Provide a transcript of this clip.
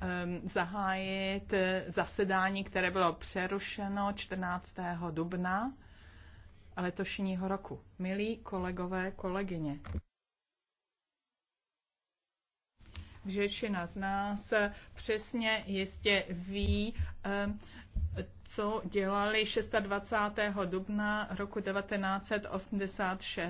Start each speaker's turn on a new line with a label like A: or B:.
A: Ehm, zahájit eh, zasedání, které bylo přerušeno 14. dubna letošního roku. Milí kolegové, kolegyně. Většina z nás přesně jistě ví, ehm, co dělali 26. dubna roku 1986.